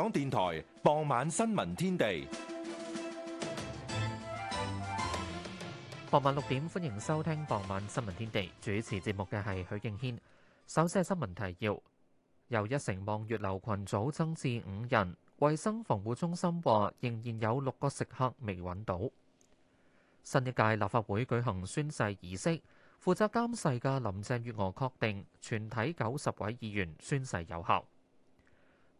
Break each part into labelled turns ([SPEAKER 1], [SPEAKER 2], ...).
[SPEAKER 1] 香港電台傍晚新聞天地，
[SPEAKER 2] 傍晚六點歡迎收聽傍晚新聞天地。主持節目嘅係許敬軒。首先係新聞提要，由一城望月樓群組增至五人。衛生防護中心話仍然有六個食客未揾到。新一屆立法會舉行宣誓儀式，負責監誓嘅林鄭月娥確定全體九十位議員宣誓有效。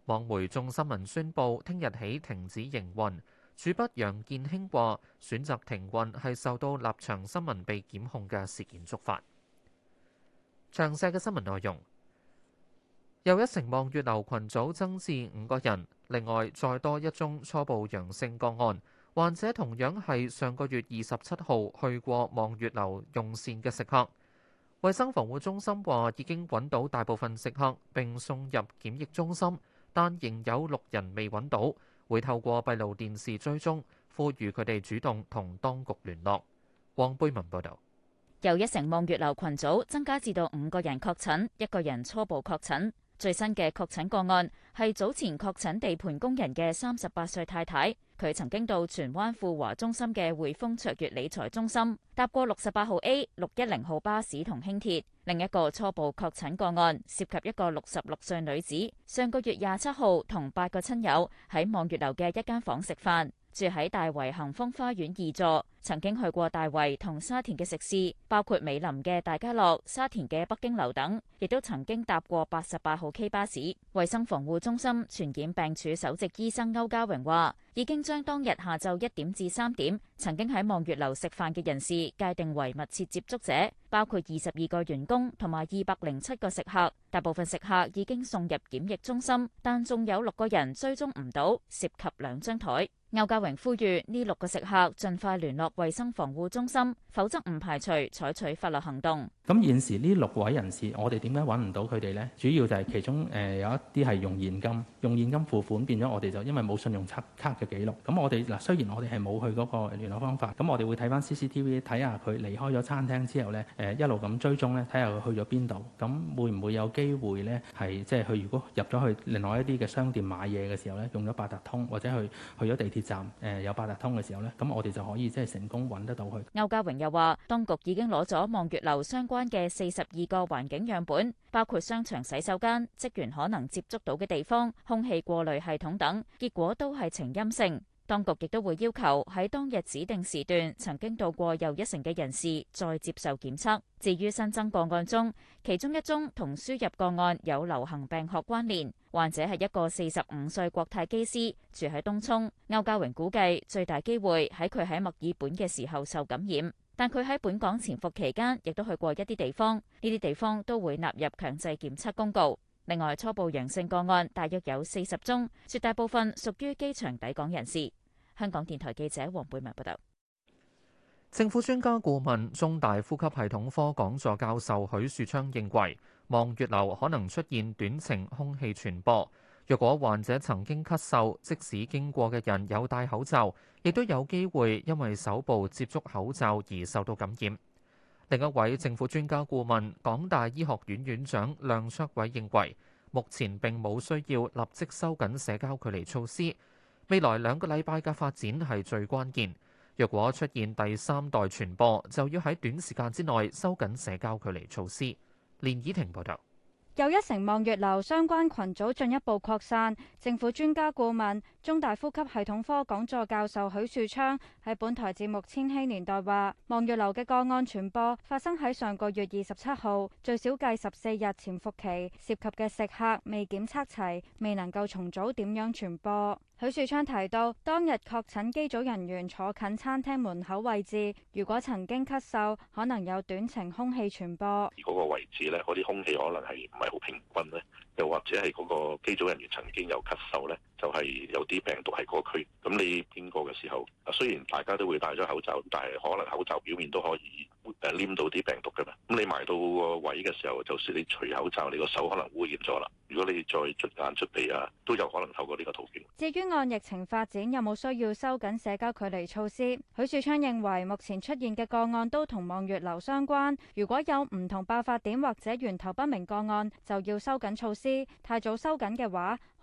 [SPEAKER 2] 網媒眾新聞宣布，聽日起停止營運。主筆楊建興話，選擇停運係受到立場新聞被檢控嘅事件觸發。詳細嘅新聞內容，又一城望月樓群組增至五個人，另外再多一宗初步陽性個案，患者同樣係上個月二十七號去過望月樓用膳嘅食客。衛生防護中心話已經揾到大部分食客，並送入檢疫中心。但仍有六人未揾到，會透過閉路電視追蹤，呼籲佢哋主動同當局聯絡。黃貝文報導，
[SPEAKER 3] 又一城望月樓群組增加至到五個人確診，一個人初步確診。最新嘅確診個案係早前確診地盤工人嘅三十八歲太太。佢曾經到荃灣富華中心嘅匯豐卓越理財中心，搭過六十八號 A、六一零號巴士同輕鐵。另一個初步確診個案，涉及一個六十六歲女子，上個月廿七號同八個親友喺望月樓嘅一間房食飯。住喺大圍恒豐花園二座，曾經去過大圍同沙田嘅食肆，包括美林嘅大家樂、沙田嘅北京樓等，亦都曾經搭過八十八號 K 巴士。衛生防護中心傳染病處首席醫生歐家榮話，已經將當日下晝一點至三點曾經喺望月樓食飯嘅人士界定為密切接觸者，包括二十二個員工同埋二百零七個食客。大部分食客已經送入檢疫中心，但仲有六個人追蹤唔到，涉及兩張台。歐嘉榮呼籲呢六個食客盡快聯絡衛生防護中心，否則唔排除採取法律行動。
[SPEAKER 4] 咁現時呢六位人士，我哋點解揾唔到佢哋呢？主要就係其中誒有一啲係用現金，用現金付款，變咗我哋就因為冇信用卡卡嘅記錄。咁我哋嗱，雖然我哋係冇去嗰個聯絡方法，咁我哋會睇翻 CCTV 睇下佢離開咗餐廳之後呢，誒一路咁追蹤呢，睇下佢去咗邊度。咁會唔會有機會呢？係即係佢如果入咗去另外一啲嘅商店買嘢嘅時候呢，用咗八達通或者去去咗地鐵？站誒有八達通嘅時候呢，咁我哋就可以即係成功揾得到佢。
[SPEAKER 3] 歐家榮又話，當局已經攞咗望月樓相關嘅四十二個環境樣本，包括商場洗手間、職員可能接觸到嘅地方、空氣過濾系統等，結果都係呈陰性。當局亦都會要求喺當日指定時段曾經到過又一城嘅人士再接受檢測。至於新增個案中，其中一宗同輸入個案有流行病學關聯，患者係一個四十五歲國泰機師，住喺東涌。歐家榮估計最大機會喺佢喺墨爾本嘅時候受感染，但佢喺本港潛伏期間亦都去過一啲地方，呢啲地方都會納入強制檢測公告。另外，初步陽性個案大約有四十宗，絕大部分屬於機場抵港人士。香港電台記者黃貝文報道，
[SPEAKER 2] 政府專家顧問、中大呼吸系統科講座教授許樹昌認為，望月樓可能出現短程空氣傳播。若果患者曾經咳嗽，即使經過嘅人有戴口罩，亦都有機會因為手部接觸口罩而受到感染。另一位政府專家顧問、港大醫學院院長梁卓偉認為，目前並冇需要立即收緊社交距離措施。未來兩個禮拜嘅發展係最關鍵。若果出現第三代傳播，就要喺短時間之內收緊社交距離措施。連綺婷報道，
[SPEAKER 5] 又一城望月樓相關群組進一步擴散。政府專家顧問、中大呼吸系統科講座教授許樹昌喺本台節目《千禧年代》話，望月樓嘅個案傳播發生喺上個月二十七號，最少計十四日潛伏期，涉及嘅食客未檢測齊，未能夠重組點樣傳播。許樹昌提到，當日確診機組人員坐近餐廳門口位置，如果曾經咳嗽，可能有短程空氣傳播。而
[SPEAKER 6] 嗰個位置咧，嗰啲空氣可能係唔係好平均咧，又或者係嗰個機組人員曾經有咳嗽咧，就係、是、有啲病毒喺嗰個區。咁你經過嘅時候，啊，雖然大家都會戴咗口罩，但係可能口罩表面都可以誒黏到啲病毒噶嘛。咁你埋到個位嘅時候，就算、是、你除口罩，你個手可能污染咗啦。如果你再出眼出地啊，都有可能透過呢個圖
[SPEAKER 5] 片。至於按疫情發展有冇需要收緊社交距離措施，許樹昌認為目前出現嘅個案都同望月樓相關。如果有唔同爆發點或者源頭不明個案，就要收緊措施。太早收緊嘅話，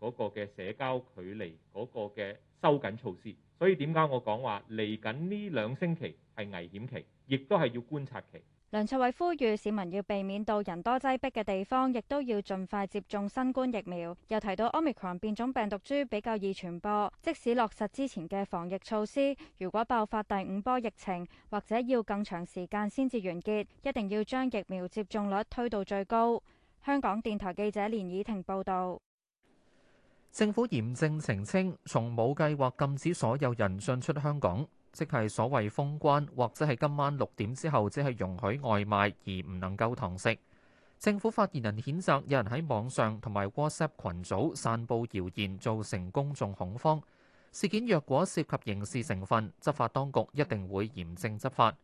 [SPEAKER 7] 嗰個嘅社交距離，嗰個嘅收緊措施，所以點解我講話嚟緊呢兩星期係危險期，亦都係要觀察期。
[SPEAKER 5] 梁卓偉呼籲市民要避免到人多擠迫嘅地方，亦都要盡快接種新冠疫苗。又提到，Omicron 變種病毒株比較易傳播，即使落實之前嘅防疫措施，如果爆發第五波疫情，或者要更長時間先至完結，一定要將疫苗接種率推到最高。香港電台記者連以婷報導。
[SPEAKER 2] 政府嚴正澄清，從冇計劃禁止所有人進出香港，即係所謂封關，或者係今晚六點之後只係容許外賣而唔能夠堂食。政府發言人譴責有人喺網上同埋 WhatsApp 群組散佈謠言，造成公眾恐慌。事件若果涉及刑事成分，執法當局一定會嚴正執法。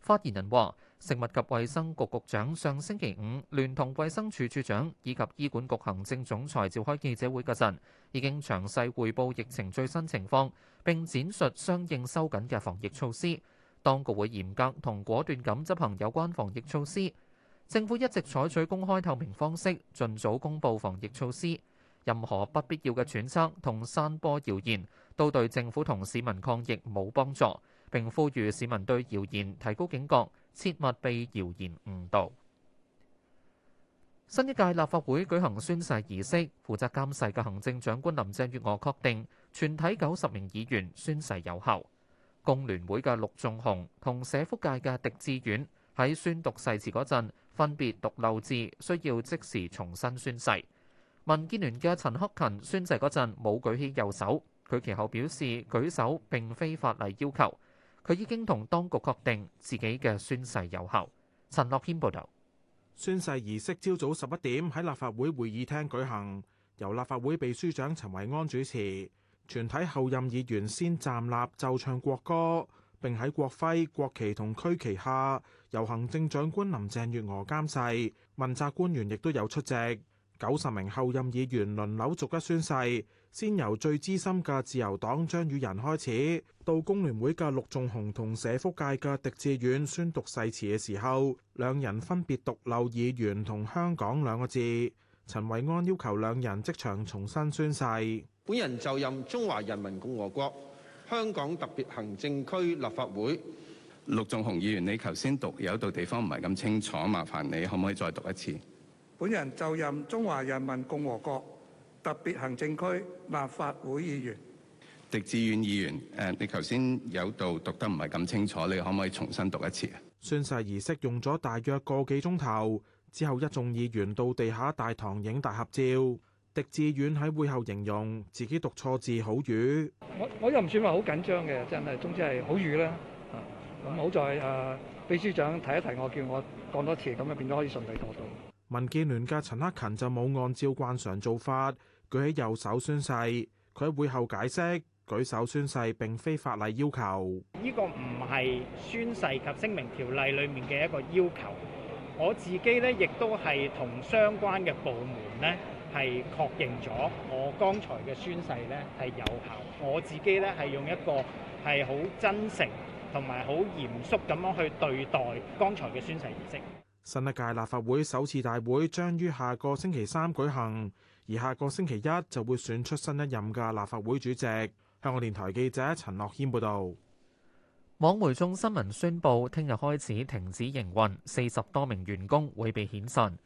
[SPEAKER 2] 發言人話。食物及衛生局局長上星期五聯同衛生署署長以及醫管局行政總裁召開記者會嗰陣，已經詳細匯報疫情最新情況，並展述相應收緊嘅防疫措施，當局會嚴格同果斷咁執行有關防疫措施。政府一直採取公開透明方式，盡早公佈防疫措施。任何不必要嘅揣測同散播謠言，都對政府同市民抗疫冇幫助。並呼籲市民對謠言提高警覺，切勿被謠言誤導。新一屆立法會舉行宣誓儀式，負責監誓嘅行政長官林鄭月娥確定，全體九十名議員宣誓有效。工聯會嘅陸仲雄同社福界嘅狄志遠喺宣讀誓詞嗰陣，分別讀漏字，需要即時重新宣誓。民建聯嘅陳克勤宣誓嗰陣冇舉起右手，佢其後表示舉手並非法例要求。佢已經同當局確定自己
[SPEAKER 8] 嘅宣誓有效。陳諾謙報導，宣誓儀式朝早十一點喺立法會會議廳舉行，由立法會秘書長陳維安主持，全體候任議員先站立奏唱國歌，並喺國徽、國旗同區旗下，由行政長官林鄭月娥監誓，問責官員亦都有出席。九十名候任議員輪流逐一宣誓。先由最資深嘅自由黨張宇人開始，到工聯會嘅陸仲雄同社福界嘅狄志遠宣讀誓詞嘅時候，兩人分別讀漏“議員”同“香港”兩個字。陳維安要求兩人即場重新宣誓。
[SPEAKER 6] 本人就任中華人民共和國香港特別行政區立法會。陸仲雄議員，你頭先讀有一度地方唔係咁清楚，麻煩你可唔可以再讀一次？
[SPEAKER 8] 本人就
[SPEAKER 2] 任中華人民共和國。特別行政區立法會議員，
[SPEAKER 6] 狄志遠議員，誒，你頭先有度讀得唔係咁清楚，你可唔可以重新讀一次？
[SPEAKER 8] 宣誓儀式用咗大約個幾鐘頭，之後一眾議員到地下大堂影大合照。狄志遠喺會後形容自己讀錯字好瘀。
[SPEAKER 2] 我我又唔算話好緊張嘅，真係總之係好瘀啦。啊，咁好在誒、啊、秘書長提一提我，叫我講多次，咁樣變咗可以順利過到。
[SPEAKER 8] 民建聯嘅陳克勤就冇按照慣常做法舉起右手宣誓，佢喺會後解釋舉手宣誓並非法例要求，
[SPEAKER 7] 呢個唔係宣誓及聲明條例裏面嘅一個要求。我自己咧亦都係同相關嘅部門咧係確認咗我剛才嘅宣誓咧係有效，我自己咧係用一個係好真誠同埋好嚴肅咁樣去對待剛才嘅宣誓儀式。
[SPEAKER 8] 新一屆立法會首次大會將於下個星期三舉行，而下個星期一就會選出新一任嘅立法會主席。香港電台記者陳樂謙報道。網媒眾新聞宣布聽日
[SPEAKER 2] 開始停止營運，四十多名員工會被遣散。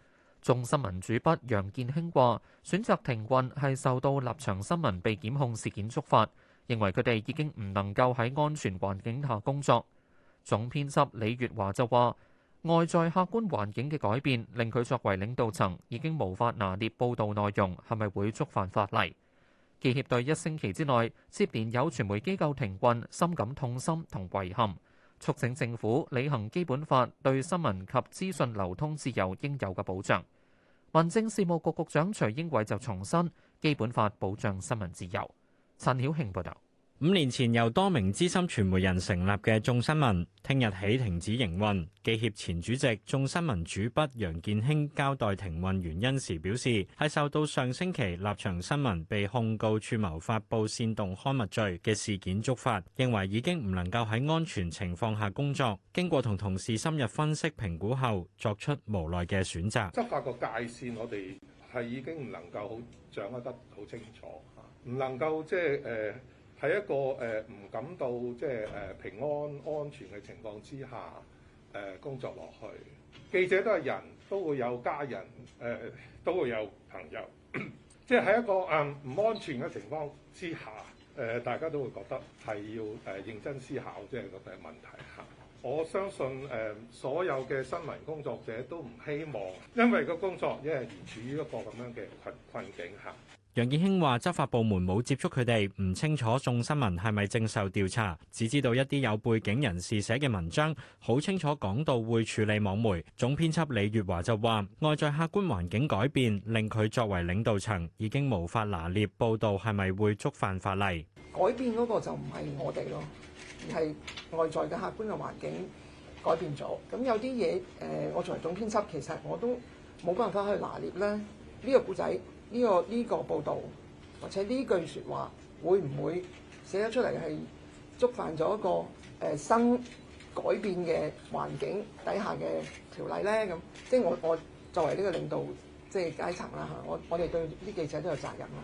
[SPEAKER 2] 眾新聞主筆楊健興話：選擇停運係受到立場新聞被檢控事件觸發，認為佢哋已經唔能夠喺安全環境下工作。總編輯李月華就話。外在客觀環境嘅改變令佢作為領導層已經無法拿捏報導內容係咪會觸犯法例。記協對一星期之內接連有傳媒機構停運深感痛心同遺憾，促請政府履行基本法對新聞及資訊流通自由應有嘅保障。民政事務局局長徐英偉就重申基本法保障新聞自由。陳曉慶報
[SPEAKER 4] 道。五年前由多名資深傳媒人成立嘅眾新聞，聽日起停止營運。記協前主席、眾新聞主筆楊健興交代停運原因時表示，係受到上星期立場新聞被控告串謀發佈煽動刊物罪嘅事件觸發，認為已經唔能夠喺安全情況下工作。經過同同事深入分析評估後，作出無奈嘅選擇。執
[SPEAKER 1] 法個界線，我哋係已經唔能夠好掌握得好清楚，唔能夠即係誒。喺一個誒唔感到即係誒平安安全嘅情況之下，誒工作落去，記者都係人都會有家人，誒都會有朋友，即係喺一個誒唔安全嘅情況之下，誒大家都會覺得係要誒認真思考，即係個問題吓。我相信誒所有嘅新聞工作者都唔希望，因為個工作因為而處於一個咁樣嘅困困境下。
[SPEAKER 4] 楊健興話：執法部門冇接觸佢哋，唔清楚眾新聞係咪正受調查，只知道一啲有背景人士寫嘅文章好清楚講到會處理網媒。總編輯李月華就話：外在客觀環境改變，令佢作為領導層已經無法拿捏報道係咪會觸犯法例。
[SPEAKER 1] 改變嗰個就唔係我哋咯，而係外在嘅客觀嘅環境改
[SPEAKER 9] 變咗。咁有啲嘢，誒，我作為總編輯，其實我都冇辦法去拿捏咧呢個故仔。呢個呢個報導，或者呢句説話，會唔會寫得出嚟係觸犯咗一個誒、呃、新改變嘅環境底下嘅條例呢？咁即係我我作為呢個領導即係階層
[SPEAKER 1] 啦嚇，我我哋對啲記者都有責任咯。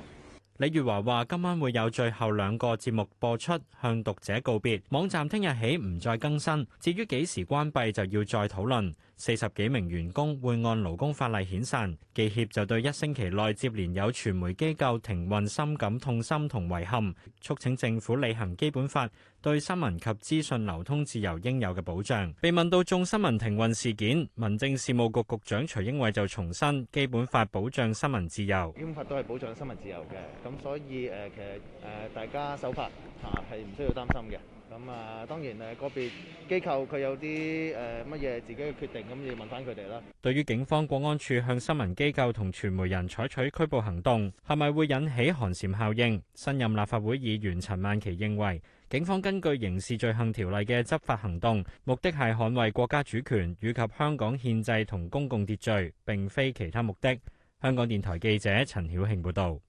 [SPEAKER 4] 李月華話：今晚會有最後兩個節目播出，向讀者告別。網站聽日起唔再更新，至於幾時關閉就要再討論。四十幾名員工會按勞工法例遣散，記協就對一星期內接連有傳媒機構停運，深感痛心同遺憾，促請政府履行基本法，對新聞及資訊流通自由應有嘅保障。被問到眾新聞停運事件，民政事務局局長徐英偉就重申基本法保障新聞自由，
[SPEAKER 7] 基本法都係保障新聞自由嘅，咁所以呃其實呃大家守法，係唔需要擔心嘅。咁啊，當然誒個別機構佢有啲誒乜嘢自己嘅決定，咁你問翻佢哋啦。
[SPEAKER 4] 對於警方、國安處向新聞機構同傳媒人採取拘捕行動，係咪會引起寒蟬效應？新任立法會議員陳曼琪認為，警方根據刑事罪行條例嘅執法行動，目的係捍衛國家主權以及香港憲制同公共秩序，並非其他目的。香港
[SPEAKER 2] 電台記者陳曉慶報導。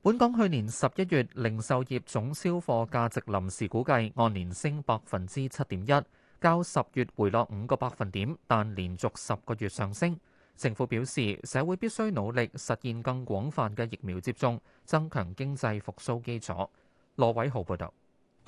[SPEAKER 2] 本港去年十一月零售業總銷貨價值臨時估計按年升百分之七點一，較十月回落五個百分點，但連續十個月上升。政府表示，社會必須努力實現更廣泛嘅疫苗接種，增強經濟復蘇基礎。
[SPEAKER 9] 羅偉豪報道。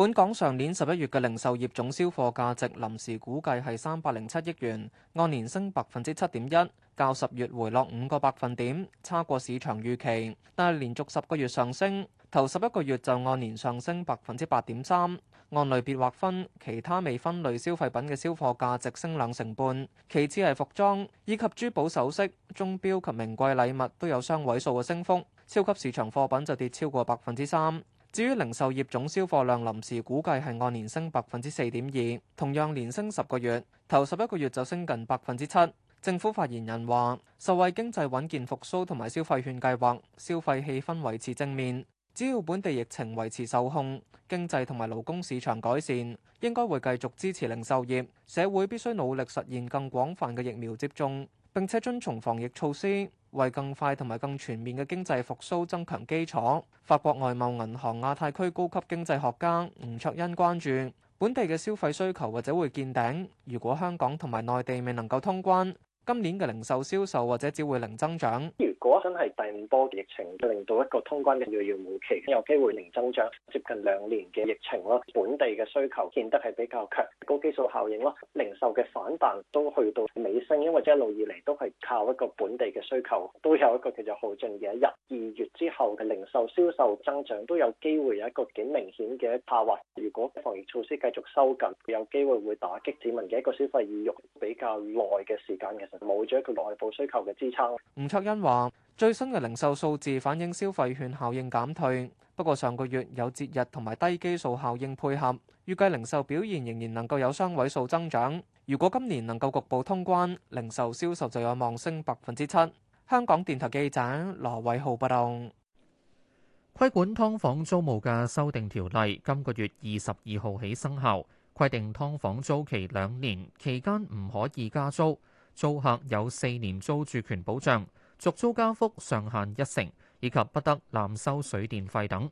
[SPEAKER 9] 本港上年十一月嘅零售業總銷貨價值臨時估計係三百零七億元，按年升百分之七點一，較十月回落五個百分點，差過市場預期，但係連續十個月上升，頭十一個月就按年上升百分之八點三。按類別劃分，其他未分類消費品嘅銷貨價值升兩成半，其次係服裝以及珠寶首飾、鐘表及名貴禮物都有雙位數嘅升幅，超級市場貨品就跌超過百分之三。至於零售業總銷貨量，臨時估計係按年升百分之四點二，同樣連升十個月，頭十一個月就升近百分之七。政府發言人話：受惠經濟穩健復甦同埋消費券計劃，消費氣氛維持正面。只要本地疫情維持受控，經濟同埋勞工市場改善，應該會繼續支持零售業。社會必須努力實現更廣泛嘅疫苗接種，並且遵從防疫措施。為更快同埋更全面嘅經濟復甦增強基礎，法國外貿銀行亞太區高級經濟學家吳卓恩關注本地嘅消費需求，或者會見頂，如果香港同埋內地未能夠通關，今年嘅零售銷售或者只會零增長。
[SPEAKER 1] 果真係第五波疫情，令到一個通關嘅遙遙無期，有機會零增長，接近兩年嘅疫情咯。本地嘅需求見得係比較強，高基礎效應咯。零售嘅反彈都去到尾聲，因為一路以嚟都係靠一個本地嘅需求，都有一個叫做好勁嘅。一、二月之後嘅零售銷售增長都有機會有一個幾明顯嘅下滑。如果防疫措施繼續收緊，有機會會打擊市民嘅一個消費意欲，比較耐嘅時間其實冇咗一個內部需求嘅支撐。
[SPEAKER 9] 吳卓恩話。最新嘅零售數字反映消費券效應減退，不過上個月有節日同埋低基數效應配合，預計零售表現仍然能夠有雙位數增長，如果今年能夠局部通關，零售銷售，售就有望升百分之七。香港電台記者羅偉浩報道。
[SPEAKER 2] 規管劏房租務嘅修訂條例今個月二十二號起生效，規定劏房租期兩年，期間唔可以加租，租客有四年租住權保障。續租加幅上限一成，以及不得濫收水電費等。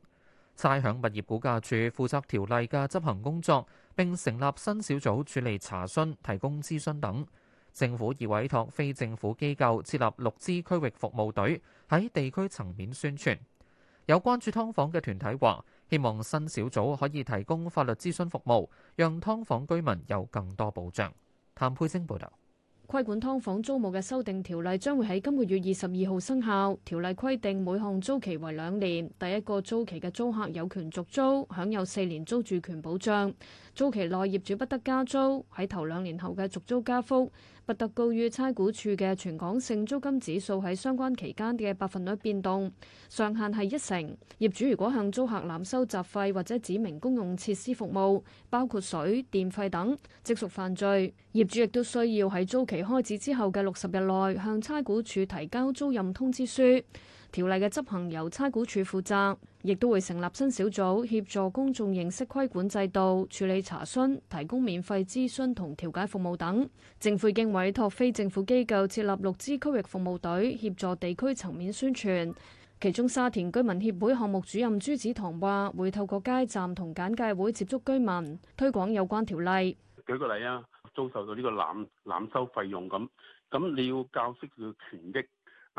[SPEAKER 2] 差餉物業估價署負責條例嘅執行工作，並成立新小組處理查詢、提供諮詢等。政府已委託非政府機構設立六支區域服務隊，喺地區層面宣傳。有關注劏房嘅團體話：希望新小組可以提供法律諮詢服務，讓劏房居民有更多保障。譚佩昇報道。
[SPEAKER 10] 規管劏房租務嘅修訂條例將會喺今個月二十二號生效。條例規定每項租期為兩年，第一個租期嘅租客有權續租，享有四年租住權保障。租期內業主不得加租，喺頭兩年後嘅續租加幅不得高於差估處嘅全港性租金指數喺相關期間嘅百分率變動，上限係一成。業主如果向租客濫收雜費或者指明公用設施服務，包括水電費等，即屬犯罪。業主亦都需要喺租期開始之後嘅六十日內向差估處提交租賃通知書。條例嘅執行由差估署負責，亦都會成立新小組協助公眾認識規管制度，處理查詢，提供免費諮詢同調解服務等。政府已經委託非政府機構設立六支區域服務隊，協助地區層面宣傳。其中沙田居民協會項目主任朱子棠話：會透過街站同簡介會接觸居民，推廣有關條例。
[SPEAKER 6] 舉個例啊，遭受到呢個濫濫收費用咁，咁你要教識佢權益。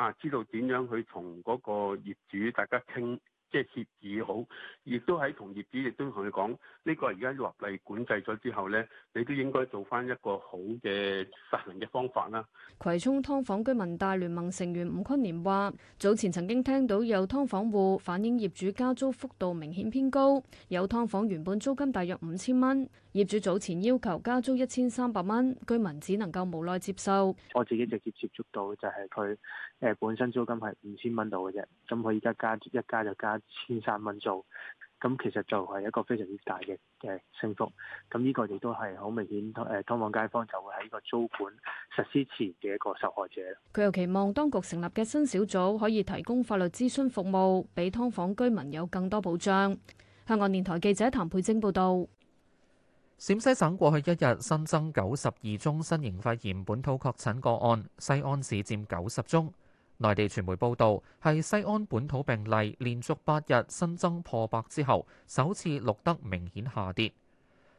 [SPEAKER 6] 啊！知道點樣去同嗰個業主大家傾，即係協議好，亦都喺同業主，亦都同佢講呢個而家落嚟管制咗之後呢，你都應該做翻一個好嘅實行嘅方法啦。
[SPEAKER 10] 葵涌劏房居民大聯盟成員吳坤年話：早前曾經聽到有劏房戶反映業主加租幅度明顯偏高，有劏房原本租金大約五千蚊。業主早前要求加租一千三百蚊，居民只能夠無奈接受。我自己直接接觸到就係佢誒，本身租金係五千蚊度嘅啫，咁佢而家加一加就加千三蚊租，咁其
[SPEAKER 1] 實就係一個非常之大嘅誒升幅。咁呢個亦都係好明顯，誒，劏房街坊就會喺個租管實施前嘅一個受害者。
[SPEAKER 10] 佢又期望當局成立嘅新小組可以提供法律諮詢服務，俾劏房居民有更多保障。香港電台記者譚佩晶報道。
[SPEAKER 2] 陝西省過去一日新增九十二宗新型肺炎本土確診個案，西安市佔九十宗。內地傳媒報道，係西安本土病例連續八日新增破百之後，首次錄得明顯下跌。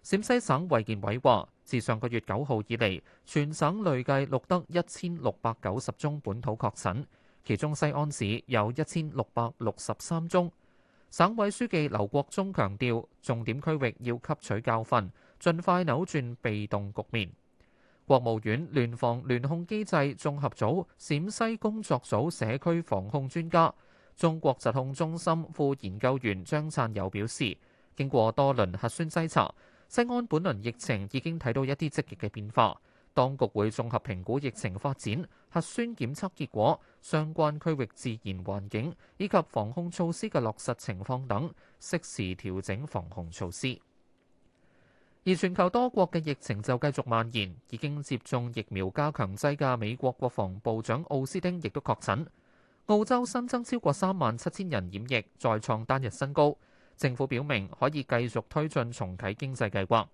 [SPEAKER 2] 陝西省衛健委話，自上個月九號以嚟，全省累計錄得一千六百九十宗本土確診，其中西安市有一千六百六十三宗。省委書記劉國中強調，重點區域要吸取教訓，盡快扭轉被動局面。國務院聯防聯控機制綜合組、陝西工作組社區防控專家、中國疾控中心副研究員張燦友表示，經過多輪核酸篩查，西安本輪疫情已經睇到一啲積極嘅變化。當局會綜合評估疫情發展、核酸檢測結果、相關區域自然環境以及防控措施嘅落實情況等，適時調整防控措施。而全球多國嘅疫情就繼續蔓延，已經接種疫苗加強劑嘅美國國防部長奧斯汀亦都確診。澳洲新增超過三萬七千人染疫，再創單日新高。政府表明可以繼續推進重啟經濟計劃。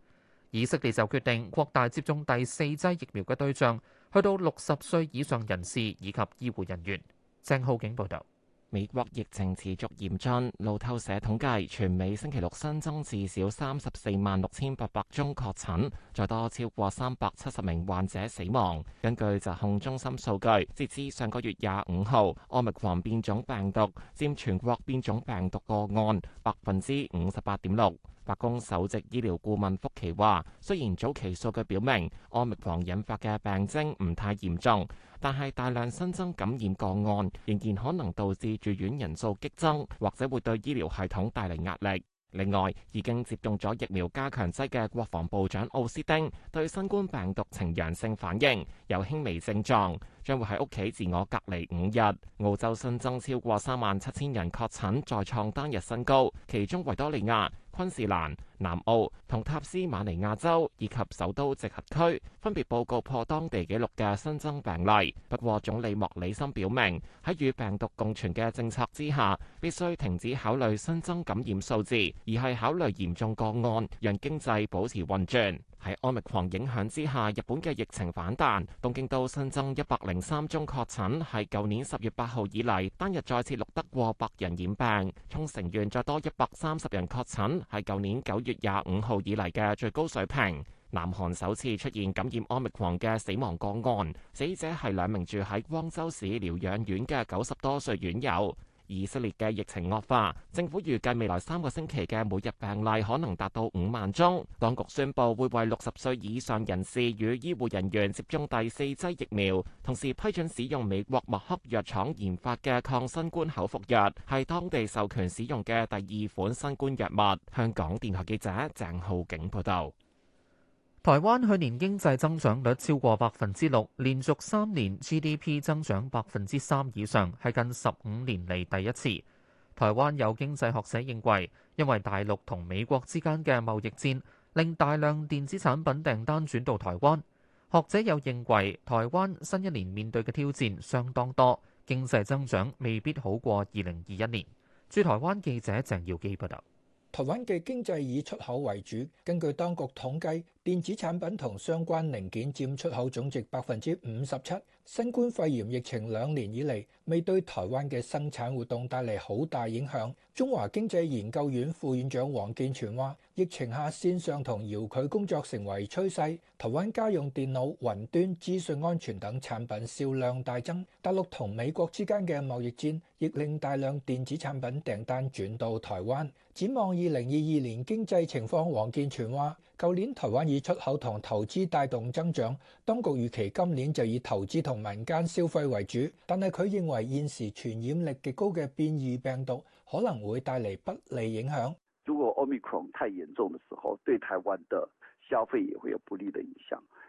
[SPEAKER 2] 以色列就決定擴大接種第四劑疫苗嘅對象，去到六十歲以上人士以及醫護人員。鄭浩景報道。美國疫情持續嚴峻，路透社統計，全美星期
[SPEAKER 7] 六新增至少三十四萬六千八百宗確診，再多超過三百七十名患者死亡。根據疾控中心數據，截至上個月廿五號，奧密克戎變種病毒占全國變種病毒個案百分之五十八點六。白宮首席醫療顧問福奇話，雖然早期數據表明奧密克戎引發嘅病徵唔太嚴重。但係大量新增感染個案仍然可能導致住院人數激增，或者會對醫療系統帶嚟壓力。另外，已經接種咗疫苗加強劑嘅國防部長奧斯丁對新冠病毒呈陽性反應，有輕微症狀，將會喺屋企自我隔離五日。澳洲新增超過三萬七千人確診，再創單日新高，其中維多利亞、昆士蘭、南澳同塔斯馬尼亞州以及首都直轄區分別報告破當地紀錄嘅新增病例，不過，總理莫里森表明，喺與病毒共存嘅政策之下，必須停止考慮新增感染數字，而係考慮嚴重個案，讓經濟保持運轉。喺 Omicron 影響之下，日本嘅疫情反彈。東京都新增一百零三宗確診，係舊年十月八號以嚟單日再次錄得過百人染病。沖繩縣再多一百三十人確診，係舊年九月廿五號以嚟嘅最高水平。南韓首次出現感染 Omicron 嘅死亡個案，死者係兩名住喺光州市療養院嘅九十多歲院友。以色列嘅疫情惡化，政府預計未來三個星期嘅每日病例可能達到五萬宗。當局宣布會為六十歲以上人士與醫護人員接種第四劑疫苗，同時批准使用美國默克藥廠研發嘅抗新冠口服藥，係當地授權使用嘅第二款新冠藥物。
[SPEAKER 2] 香港電台記者鄭浩景報道。台灣去年經濟增長率超過百分之六，連續三年 GDP 增長百分之三以上，係近十五年嚟第一次。台灣有經濟學者認為，因為大陸同美國之間嘅貿易戰，令大量電子產品訂單轉到台灣。學者又認為，台灣新一年面對嘅挑戰相當多，經濟增長未必好過二零二一年。駐台灣記者鄭耀基報道。
[SPEAKER 1] 台灣嘅經濟以出口為主，根據當局統計。電子產品同相關零件佔出口總值百分之五十七。新冠肺炎疫情兩年以嚟，未對台灣嘅生產活動帶嚟好大影響。中華經濟研究院副院長王健全話，疫情下線上同遙距工作成為趨勢。台灣家用電腦、雲端、資訊安全等產品銷量大增。大陸同美國之間嘅貿易戰，亦令大量電子產品訂單轉到台灣。展望二零二二年經濟情況，王健全話。舊年台灣以出口同投資帶動增長，當局預期今年就以投資同民間消費為主，但係佢認為現時傳染力極高嘅變異病毒可能會帶嚟不利影響。如果 Omicron 太嚴重嘅時候，對台灣的消費也會有不利嘅影響。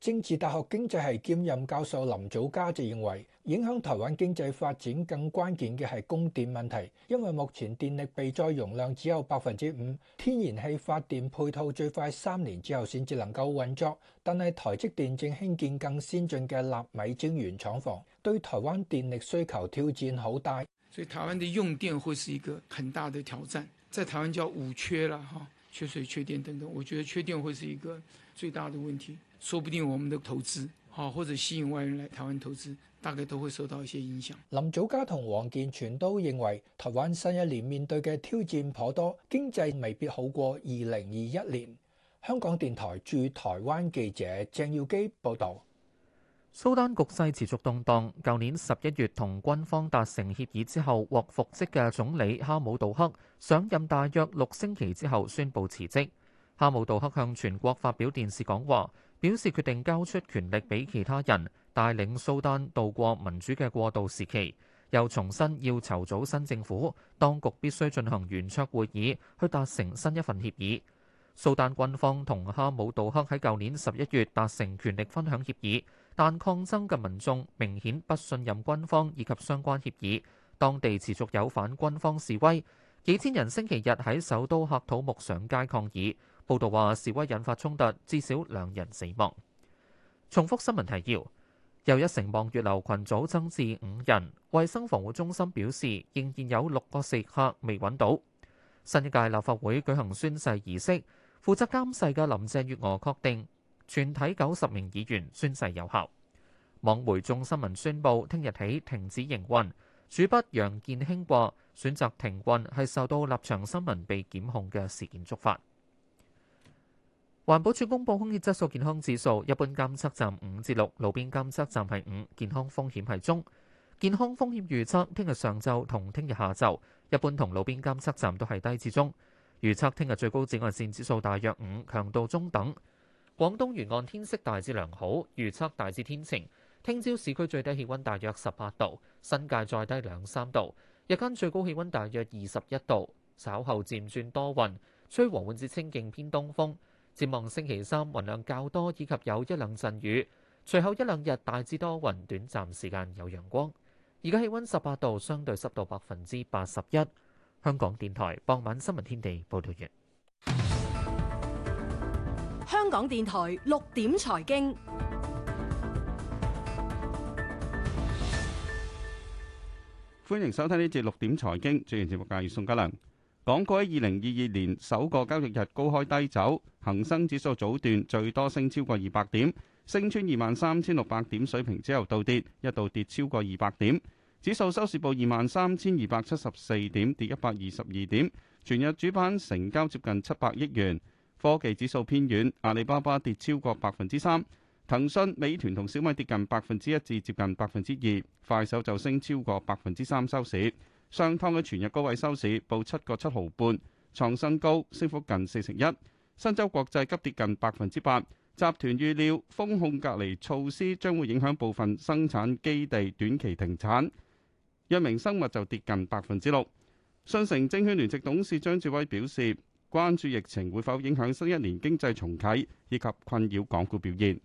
[SPEAKER 1] 政治大學經濟系兼任教授林祖嘉就認為，影響台灣經濟發展更關鍵嘅係供電問題，因為目前電力備載容量只有百分之五，天然氣發電配套最快三年之後先至能夠運作，但係台積電正興建更先進嘅納米晶圓廠房，對台灣電力需求挑戰好大。所以台灣的用電會是一個很大的挑戰，在台灣叫五缺啦，哈，缺水、缺電等等，我覺得缺電會是一個。最大的問題，說不定我們的投資，啊或者吸引外人來台灣投資，大概都會受到一些影響。林祖嘉同黃健全都認為台灣新一年面對嘅挑戰頗多，經濟未必好過二零二一年。香港電台駐台灣記者鄭耀基報道。
[SPEAKER 2] 蘇丹局勢持續動蕩，舊年十一月同軍方達成協議之後獲復職嘅總理哈姆杜克，上任大約六星期之後宣布辭職。哈姆杜克向全國發表電視講話，表示決定交出權力俾其他人，帶領蘇丹渡過民主嘅過渡時期。又重申要籌組新政府，當局必須進行圓桌會議去達成新一份協議。蘇丹軍方同哈姆杜克喺舊年十一月達成權力分享協議，但抗爭嘅民眾明顯不信任軍方以及相關協議，當地持續有反軍方示威，幾千人星期日喺首都喀土穆上街抗議。報道話示威引發衝突，至少兩人死亡。重複新聞提要：又一城望月樓群組增至五人。衛生防護中心表示，仍然有六個食客未揾到。新一屆立法會舉行宣誓儀式，負責監誓嘅林鄭月娥確定，全體九十名議員宣誓有效。網媒眾新聞宣佈，聽日起停止營運。主筆楊健興話，選擇停運係受到立場新聞被檢控嘅事件觸發。環保署公布空氣質素健康指數，一般監測站五至六，路邊監測站係五，健康風險係中。健康風險預測聽日上晝同聽日下晝，一般同路邊監測站都係低至中。預測聽日最高紫外線指數大約五，強度中等。廣東沿岸天色大致良好，預測大致天晴。聽朝市區最低氣温大約十八度，新界再低兩三度，日間最高氣温大約二十一度。稍後漸轉多雲，吹和緩至清勁偏東風。展望星期三雲量較多，以及有一兩陣雨。隨後一兩日大致多雲，短暫時間有陽光。而家氣温十八度，相對濕度百分之八十一。香港電台傍晚新聞天地，報道完。
[SPEAKER 10] 香港電台六點財經，
[SPEAKER 6] 歡迎收聽呢節六點財經，主持節目嘅係宋嘉良。港股喺二零二二年首個交易日高開低走，恒生指數早段最多升超過二百點，升穿二萬三千六百點水平之後倒跌，一度跌超過二百點，指數收市報二萬三千二百七十四點，跌一百二十二點。全日主板成交接近七百億元。科技指數偏軟，阿里巴巴跌超過百分之三，騰訊、美團同小米跌近百分之一至接近百分之二，快手就升超過百分之三收市。上趟嘅全日高位收市，報七個七毫半，創新高，升幅近四成一。新洲國際急跌近百分之八，集團預料風控隔離措施將會影響部分生產基地短期停產，藥明生物就跌近百分之六。信誠證券聯席董事張志偉表示，關注疫情會否影響新一年經濟重啟以及困擾港股表現。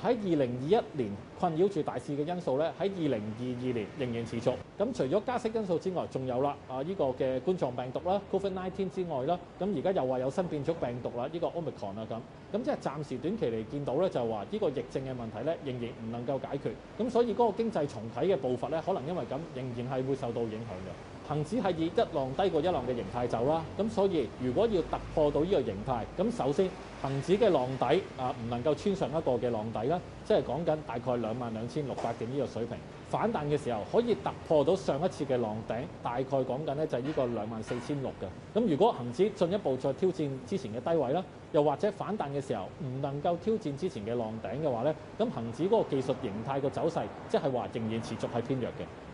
[SPEAKER 7] 喺二零二一年困擾住大市嘅因素咧，喺二零二二年仍然持續。咁除咗加息因素之外，仲有啦啊呢個嘅冠狀病毒啦 COVID-19 之外啦，咁而家又話有新變種病毒啦，呢個 Omicron 啊咁。咁即係暫時短期嚟見到咧，就係話呢個疫症嘅問題咧，仍然唔能夠解決。咁所以嗰個經濟重啟嘅步伐咧，可能因為咁，仍然係會受到影響嘅。恒指係以一浪低過一浪嘅形態走啦、啊，咁所以如果要突破到呢個形態，咁首先恒指嘅浪底啊唔能夠穿上一個嘅浪底啦，即係講緊大概兩萬兩千六百點呢個水平反彈嘅時候，可以突破到上一次嘅浪頂，大概講緊呢就係、是、呢個兩萬四千六嘅。咁如果恒指進一步再挑戰之前嘅低位啦、啊，又或者反彈嘅時候唔能夠挑戰之前嘅浪頂嘅話呢，咁恒指嗰個技術形態嘅走勢即係話仍然持續係偏弱嘅。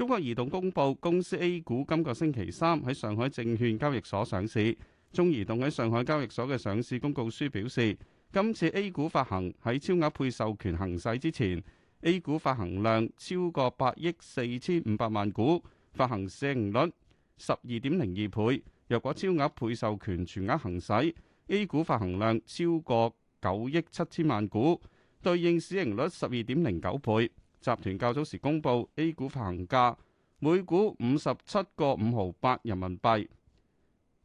[SPEAKER 6] 中國移動公布公司 A 股今個星期三喺上海證券交易所上市。中移動喺上海交易所嘅上市公告書表示，今次 A 股發行喺超額配售權行使之前，A 股發行量超過八億四千五百萬股，發行市盈率十二點零二倍。若果超額配售權全額行使，A 股發行量超過九億七千萬股，對應市盈率十二點零九倍。集團較早時公布 A 股發行價每股五十七個五毫八人民幣。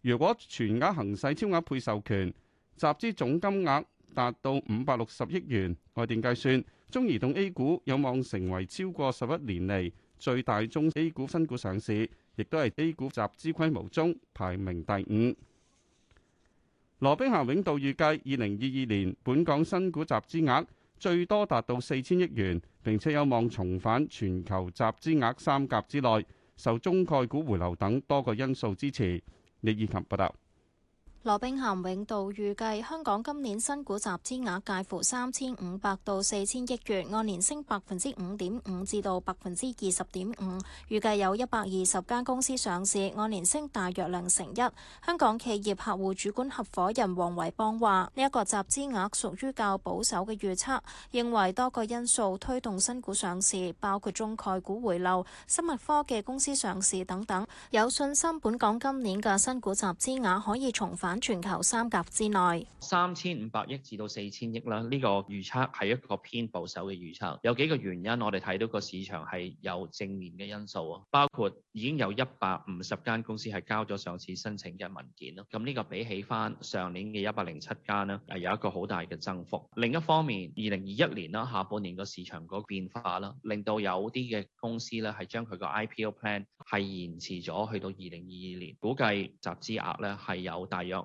[SPEAKER 6] 如果全額行使超額配售權，集資總金額達到五百六十億元。外電計算，中移動 A 股有望成為超過十一年嚟最大宗 A 股新股上市，亦都係 A 股集資規模中排名第五。羅兵咸永道預計二零二二年本港新股集資額，最多達到四千億元，並且有望重返全球集資額三甲之內。受中概股回流等多個因素支持，聶以琴報道。
[SPEAKER 11] 羅兵咸永道預計香港今年新股集資額介乎三千五百到四千億元，按年升百分之五點五至到百分之二十點五。5, 預計有一百二十間公司上市，按年升大約兩成一。香港企業客戶主管合伙人黃偉邦話：呢、這、一個集資額屬於較保守嘅預測，認為多個因素推動新股上市，包括中概股回流、生物科技公司上市等等，有信心本港今年嘅新股集資額可以重返。全球三甲之內，
[SPEAKER 2] 三千五百億至到四千億啦。呢、這個預測係一個偏保守嘅預測。有幾個原因，我哋睇到個市場係有正面嘅因素啊。包括已經有一百五十間公司係交咗上市申請嘅文件咯。咁、這、呢個比起返上年嘅一百零七間呢係有一個好大嘅增幅。另一方面，二零二一年啦，下半年個市場個變化啦，令到有啲嘅公司咧係將佢個 IPO plan 係延遲咗去到二零二二年，估計集資額咧係有大約。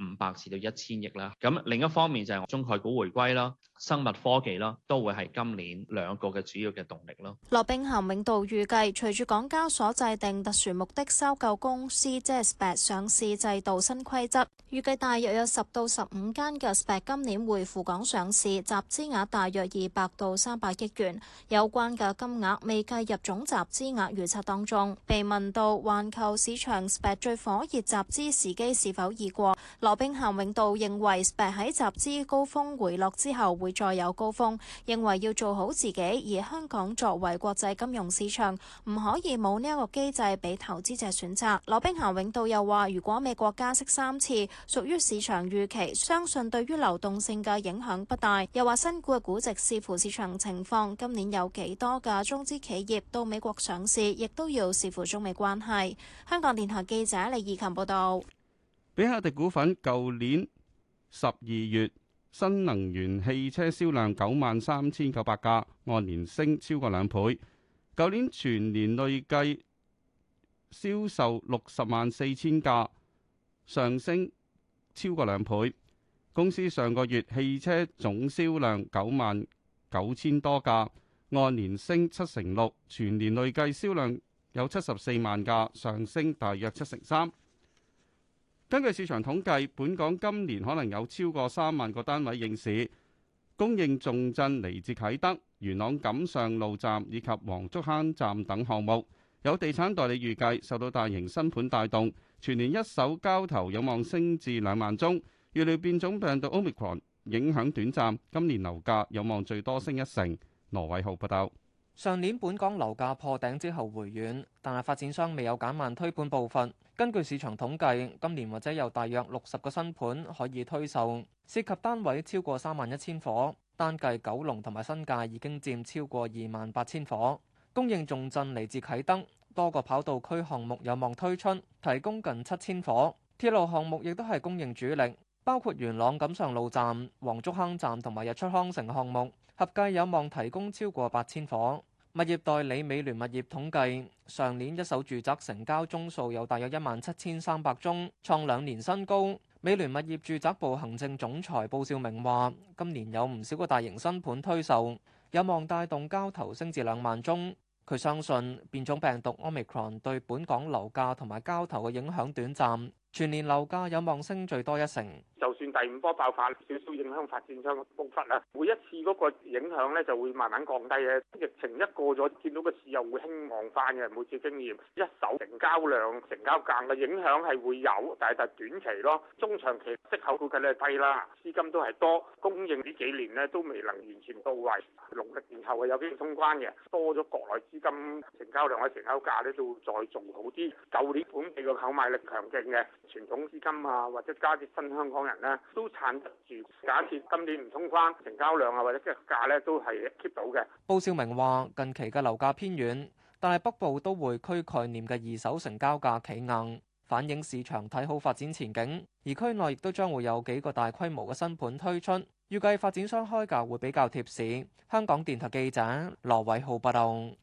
[SPEAKER 2] 五百至到一千億啦，咁另一方面就係中概股回歸啦，生物科技啦，都會係今年兩個嘅主要嘅動力咯。
[SPEAKER 11] 羅冰涵永道預計，隨住港交所制定特殊目的收購公司，即係 SPD 上市制度新規則，預計大約有十到十五間嘅 SPD 今年會赴港上市，集資額大約二百到三百億元。有關嘅金額未計入總集資額預測當中。被問到環球市場 SPD 最火熱集資時機是否已過，羅兵咸永道認為，喺集資高峰回落之後會再有高峰，認為要做好自己。而香港作為國際金融市場，唔可以冇呢一個機制俾投資者選擇。羅兵咸永道又話，如果美國加息三次，屬於市場預期，相信對於流動性嘅影響不大。又話新股嘅估值視乎市場情況，今年有幾多家中資企業到美國上市，亦都要視乎中美關係。香港電台記者李義琴報道。
[SPEAKER 6] 比亞迪股份舊年十二月，新能源汽車銷量九萬三千九百架，按年升超過兩倍。舊年全年累計銷售六十萬四千架，上升超過兩倍。公司上個月汽車總銷量九萬九千多架，按年升七成六。全年累計銷量有七十四萬架，上升大約七成三。根據市場統計，本港今年可能有超過三萬個單位應市，供應重鎮嚟自啟德、元朗錦上路站以及黃竹坑站等項目。有地產代理預計，受到大型新盤帶動，全年一手交投有望升至兩萬宗。預料變種病毒 Omicron 影響短暫，今年樓價有望最多升一成。羅偉浩報道。上
[SPEAKER 9] 年本港樓價破頂之後回軟，但係發展商未有減慢推盤步伐。根據市場統計，今年或者有大約六十個新盤可以推售，涉及單位超過三萬一千伙，單計九龍同埋新界已經佔超過二萬八千伙。供應重鎮嚟自啟德，多個跑道區項目有望推出，提供近七千伙。鐵路項目亦都係供應主力，包括元朗錦上路站、黃竹坑站同埋日出康城嘅項目，合計有望提供超過八千伙。物業代理美聯物業統計，上年一手住宅成交宗數有大約一萬七千三百宗，創兩年新高。美聯物業住宅部行政總裁布少明話，今年有唔少個大型新盤推售，有望帶動交投升至兩萬宗。佢相信變種病毒 Omicron 對本港樓價同埋交投嘅影響短暫，全年樓價有望升最多一成。
[SPEAKER 8] 就算第五波爆發少少影響發展商嘅步伐啊，每一次嗰個影響咧就會慢慢降低嘅。疫情一過咗，見到個市又會興旺翻嘅。每次經驗一手成交量、成交價嘅影響係會有，但係就短期咯，中長期息口估計咧低啦，資金都係多，供應呢幾年咧都未能完全到位。農曆年後係有機會通關嘅，多咗國內資金成交量嘅成交價咧都會再做好啲。舊年本地嘅購買力強勁嘅傳統資金啊，或者加啲新香港。咧都撐得住。假設今年唔通關，成交量啊，或者即係價咧，都係 keep 到嘅。
[SPEAKER 9] 報少明話：近期嘅樓價偏軟，但係北部都會區概念嘅二手成交價企硬，反映市場睇好發展前景。而區內亦都將會有幾個大規模嘅新盤推出，預計發展商開價會比較貼市。香港電台記者羅偉浩報道。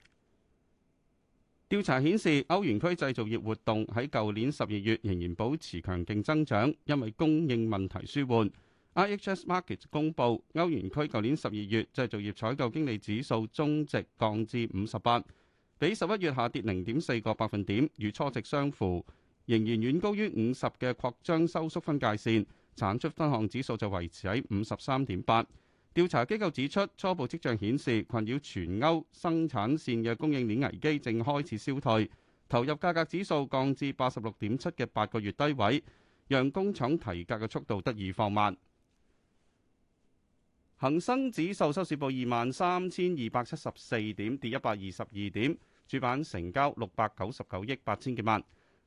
[SPEAKER 6] 調查顯示，歐元區製造業活動喺舊年十二月仍然保持強勁增長，因為供應問題舒緩。IHS Markit 公佈，歐元區舊年十二月製造業採購經理指數終值降至五十八，比十一月下跌零點四個百分點，與初值相符，仍然遠高於五十嘅擴張收縮分界線。產出分項指數就維持喺五十三點八。調查機構指出，初步跡象顯示困擾全歐生產線嘅供應鏈危機正開始消退，投入價格指數降至八十六點七嘅八個月低位，讓工廠提價嘅速度得以放慢。恒生指數收市報二萬三千二百七十四點，跌一百二十二點，主板成交六百九十九億八千幾萬。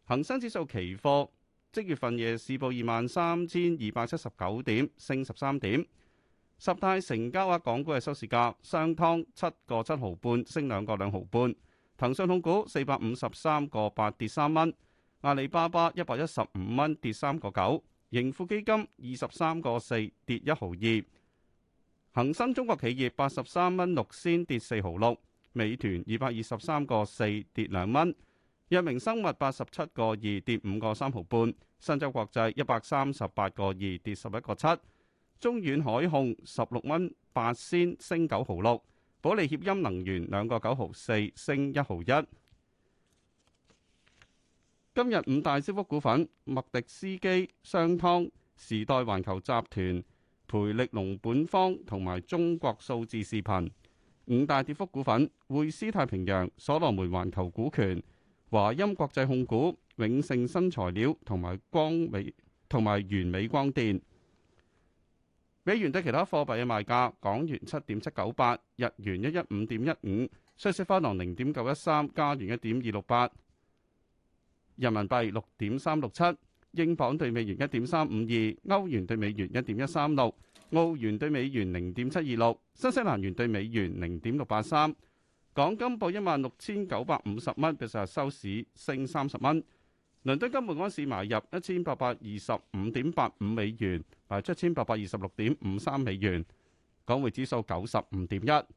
[SPEAKER 6] 恒生指數期貨即月份夜市報二萬三千二百七十九點，升十三點。十大成交額港股嘅收市價，商湯七個七毫半，升兩個兩毫半。騰訊控股四百五十三個八，跌三蚊。阿里巴巴一百一十五蚊，跌三個九。盈富基金二十三個四，跌一毫二。恒生中國企業八十三蚊六仙，跌四毫六。美團二百二十三個四，跌兩蚊。藥明生物八十七個二，跌五個三毫半。新洲國際一百三十八個二，跌十一個七。中遠海控十六蚊八仙升九毫六，保利協鑫能源兩個九毫四升一毫一。今日五大升幅股份：麥迪斯基、商湯、時代環球集團、培力龍、本方同埋中國數字視頻。五大跌幅股份：匯思太平洋、所羅門環球股權、華音國際控股、永盛新材料同埋光美同埋完美光電。美元對其他貨幣嘅賣價：港元七點七九八，日元一一五點一五，瑞士法郎零點九一三，加元一點二六八，人民幣六點三六七，英鎊對美元一點三五二，歐元對美元一點一三六，澳元對美元零點七二六，新西蘭元對美元零點六八三。港金報一萬六千九百五十蚊，今日收市升三十蚊。倫敦金每盎司買入一千八百二十五點八五美元，賣出一千八百二十六點五三美元，港匯指數九十五點一。